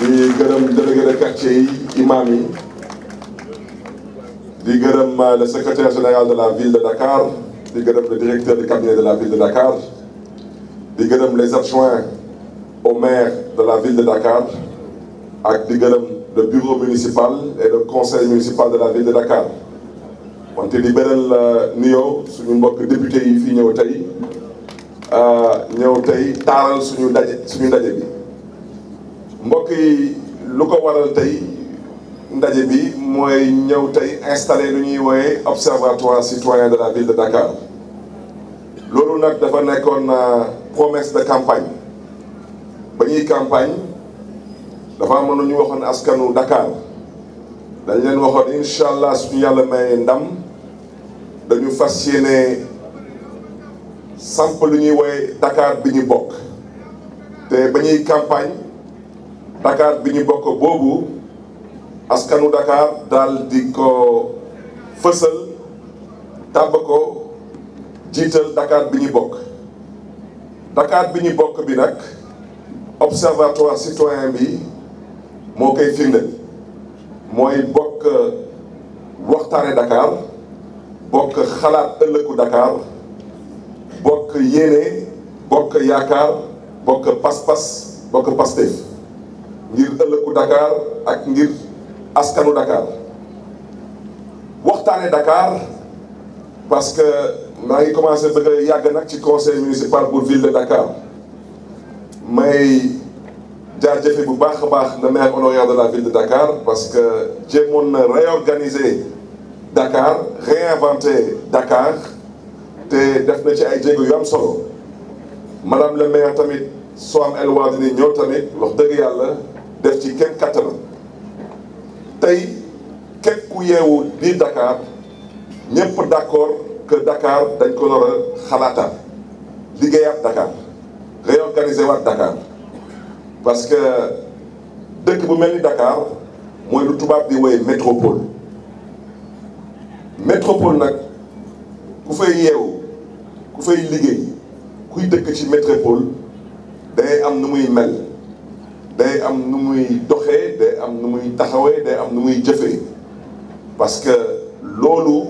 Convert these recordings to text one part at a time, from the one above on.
di gërëm délégué de quartier yi imam yi di gërëm euh, le secrétaire général de la ville de Dakar di gërëm le directeur du cabinet de la ville de Dakar di gërëm les adjoints au maire de la ville de Dakar ak di gërëm le bureau municipal et le conseil municipal de la ville de Dakar wante di beral euh, nuyoo suñu mbokk député yi fii ñëw tey euh, ñëw tey taaral suñu daje suñu daje bi mbokk yi lu ko waral tey ndaje bi mooy ñëw tey installé lu ñuy wooye observatoire citoyen de la ville de Dakar loolu nag dafa nekkoon euh, promesse de campagne ba ñuy campagne dafa amoon lu ñu waxoon askanu Dakar dañ leen waxoon incha allah suñu yàlla may ndam dañu fas yéene samp lu ñuy wooye Dakar bi ñu bokk te ba ñuy campagne Dakar bi ñu bokk boobu askanu Dakar daal di ko fësal tàbb ko jiital Dakar bi ñu bokk Dakar bi ñu bokk bi nag observatoire citoyen bi moo koy firnde mooy bokk waxtaane Dakar bokk xalaat ëllëgu Dakar bokk yéene bokk yaakaar bokk pas-pas bokk Pastef ngir ëllëgu Dakar ak ngir askanu Dakar waxtaane Dakar parce que maa ngi commencé bëgg yàgg nag ci conseil municipal pour ville de Dakar may jaajëfe bu baax a baax le maire honoraire de la ville de Dakar parce que jéemoon na réorganiser Dakar réinventer Dakar te def na ci ay jéego yu am solo madame le maire tamit soo am El Wardini ñëw tamit wax dëgg yàlla def ci kenn kattanam tey képp ku yeewu biir Dakar ñëpp d'accord que Dakar dañ ko war a xalaataat Dakar réorganiser waat Dakar parce que dëkk bu mel ni Dakar mooy lu tubaab di woy métropole métropole nag ku fay yeewu ku fay liggéey kuy dëkk ci métropole day am nu muy mel day am nu muy doxee day am nu muy taxawee day am nu muy jëfee parce que loolu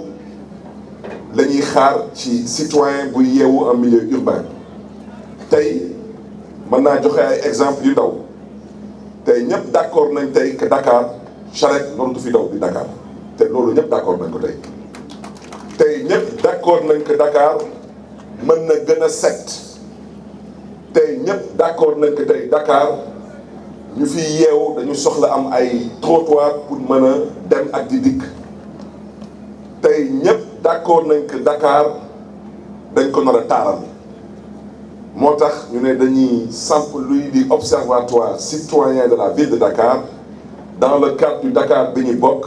la ñuy xaar ci citoyen buy yeewu en milieu urbain tey mën naa joxe ay exemple yu ndaw tey ñëpp d'accord nañ tey que Dakar charrette noonu du fi daw di Dakar te loolu ñëpp d'accord nañ ko tey tey ñëpp d'accord nañ que Dakar mën na gën a set tey ñëpp d'accord nañ que tey Dakar ñu fi yeewu dañu soxla am ay trottoir pour mën a dem ak di dikk tey ñëpp d'accord nañ que Dakar dañ ko nar a taaral moo tax ñu ne dañuy samp luy di observatoire citoyen de la ville de Dakar dans le cadre du Dakar bi ñuy bokk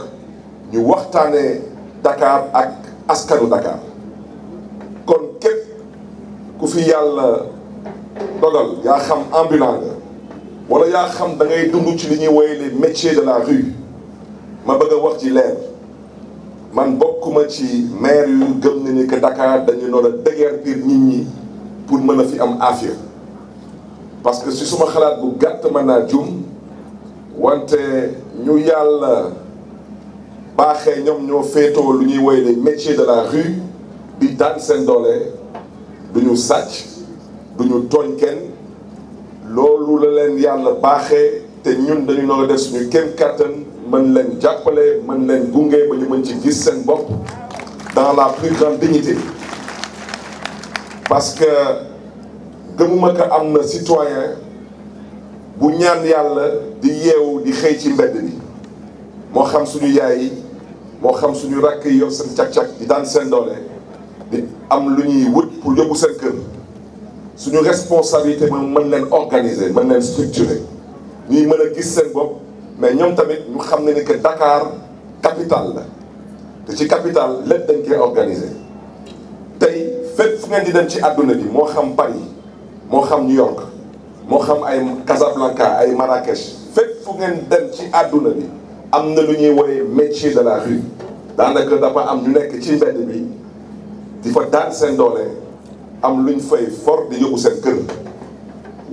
ñu waxtaanee Dakar ak askanu Dakar kon képp ku fi yàlla dogal yaa xam ambulant nga wala yaa xam dangay ngay dund ci li ñuy woye les métiers de la rue ma bëgg a wax ci leer man bokkuma ci maire yu gëm na ni que Dakar dañu noon a biir nit ñi pour mën a fi am affaire parce que si suma xalaat bu gàtt ma naa jum wante ñu yàlla baaxee ñoom ñoo féetoo lu ñuy woye les métiers de la rue di daan seen doole du ñu sàcc du ñu tooñ kenn loolu la leen yàlla baaxee te ñun dañu noo def suñu kéem kattan mën leen jàppale mën leen gunge ba ñu mën ci gis seen bopp dans la plus grande dignité parce que gëmuma ko am na citoyen bu ñaan yàlla di yeewu di xëy ci mbedd bi moo xam suñu yaay yi moo xam suñu rakk yi yor seen càq-càq di daan seen doole di am lu ñuy wut pour yóbbu seen kër suñu responsabilité mooy mën leen organiser mën leen structurer ñuy mën a gis seen bopp mais ñoom tamit ñu xam ne ni que Dakar capitale la te ci capital lépp dañ koy organiser tey fépp fu ngeen di dem ci àdduna bi moo xam Paris moo xam New York moo xam ay Casablanca ay Marrakech fépp fu ngeen dem ci àdduna bi am na lu ñuy woowee métier de la rue daanaka dafa am ñu nekk ci mbedd bi di fa daan seen doole. am luñ fay for di yóbbu seen kër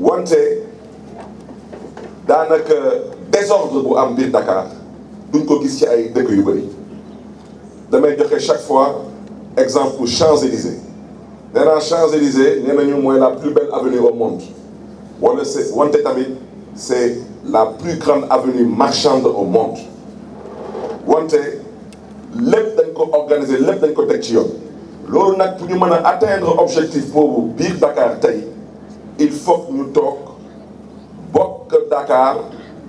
wante daanaka désordre bu am di Dakar duñ ko gis ci ay dëkk yu bëri damay joxe chaque fois exemple Champs-Élysées nee naa champs nañu mooy la plus belle avenue au monde wala c'est wante tamit c'est la plus grande avenue marchande au monde wante lépp dañ ko organiser lépp dañ ko teg ci yoon loolu nag pour ñu mën a atteindre objectif boobu biir Dakar tey il faut ñu toog bokk Dakar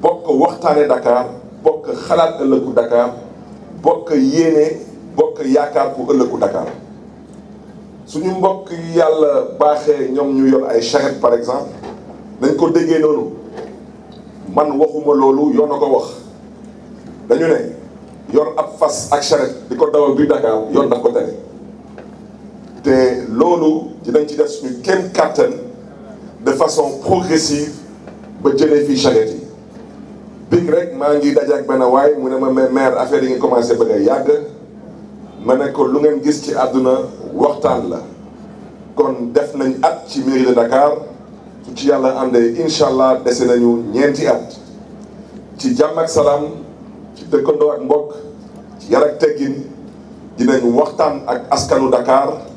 bokk waxtaane Dakar bokk xalaat ku Dakar bokk yéene bokk yaakaar pour ëllëgu Dakar suñu mbokk yàlla baaxee ñoom ñu yor ay charrette par exemple dañ ko déggee noonu man waxuma loolu yoon a ko wax dañu ne yor ab fas ak charrette di ko dawal biir Dakar yoon daf ko tere te loolu dinañ ci def suñu kenn kàttan de façon progressive ba jëlee fii charrette yi rek maa ngi daje ak benn waay mu ne ma maire affaire yi nga commencé ba a yàgg ma ne ko lu ngeen gis ci àdduna waxtaan la kon def nañ at ci mairie de Dakar su ci yàlla àndee incha allah dese nañu ñeenti at ci jàmm ak salaam ci dëkkandoo ak mbokk ci yar ak teggin dinañ waxtaan ak askanu Dakar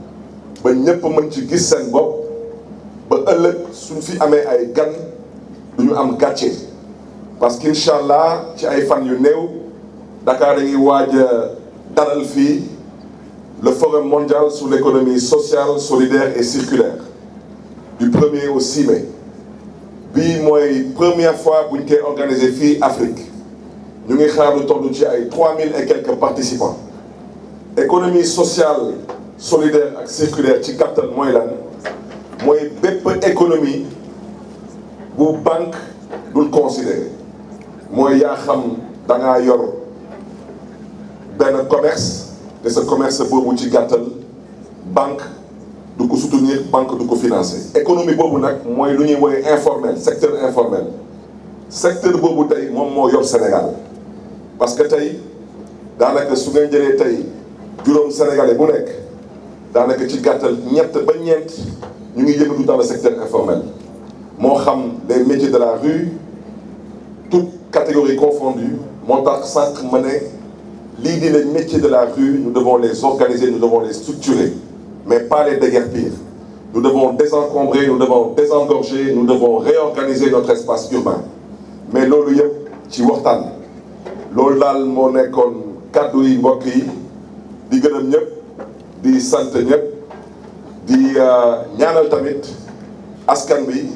ba ñëpp mën ci gis seen bopp ba ëllëg suñ fi amee ay gan du ñu am gàcce parce que incha allah ci ay fan yu néew Dakar dañuy waaj a dalal fii le forum mondial sur l'économie sociale solidaire et circulaire du premier au six bii mooy première fois buñ koy organiser fii Afrique ñu ngi xaar lu toll ci ay trois mille et quelques participants économie sociale solidaire ak circulaire ci gàttal mooy lan mooy bépp économie bu banque dul considéré mooy yaa xam da yor benn commerce te sa commerce boobu ci gàttal banque du ko soutenir banque du ko financer. économie boobu nag mooy lu ñuy woowee informel secteur informel secteur boobu tey moom moo yor Sénégal parce que tey daanaka su ngeen jëlee tey juróom sénégalais bu nekk. daanaka ci gàttal ñett ba ñeent ñu ngi yëngatu dans le secteur informel moo xam les métiers de la rue toutes catégories confondues moo tax sànq ma ne lii di les métiers de la rue nous devons les organiser nous devons les structurer mais pas les déguerpir nous devons désencombrer nous devons désengorger nous devons réorganiser notre espace urbain mais loolu yëpp ci waxtaan loolu daal moo nekkoon kàddu yi mbokk yi di gërëm ñëpp di sant ñëpp di euh, ñaanal tamit askan bi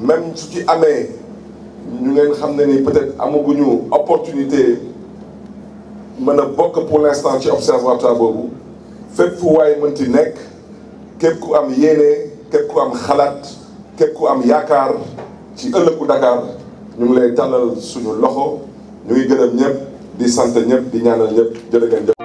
même su ci amee ñu ngeen xam ne ni peut-être amaguñu opportunité mën a bokk pour l'instant ci observatoire boobu fépp fu waay mënti nekk képp ku am yéene képp ku am xalaat képp ku am yaakaar ci ëllëgu Dakar ñu ngi lay tàllal suñu loxo ñu ngi gërëm ñëpp di sant ñëpp di ñaanal ñëpp jërë ngeen jëf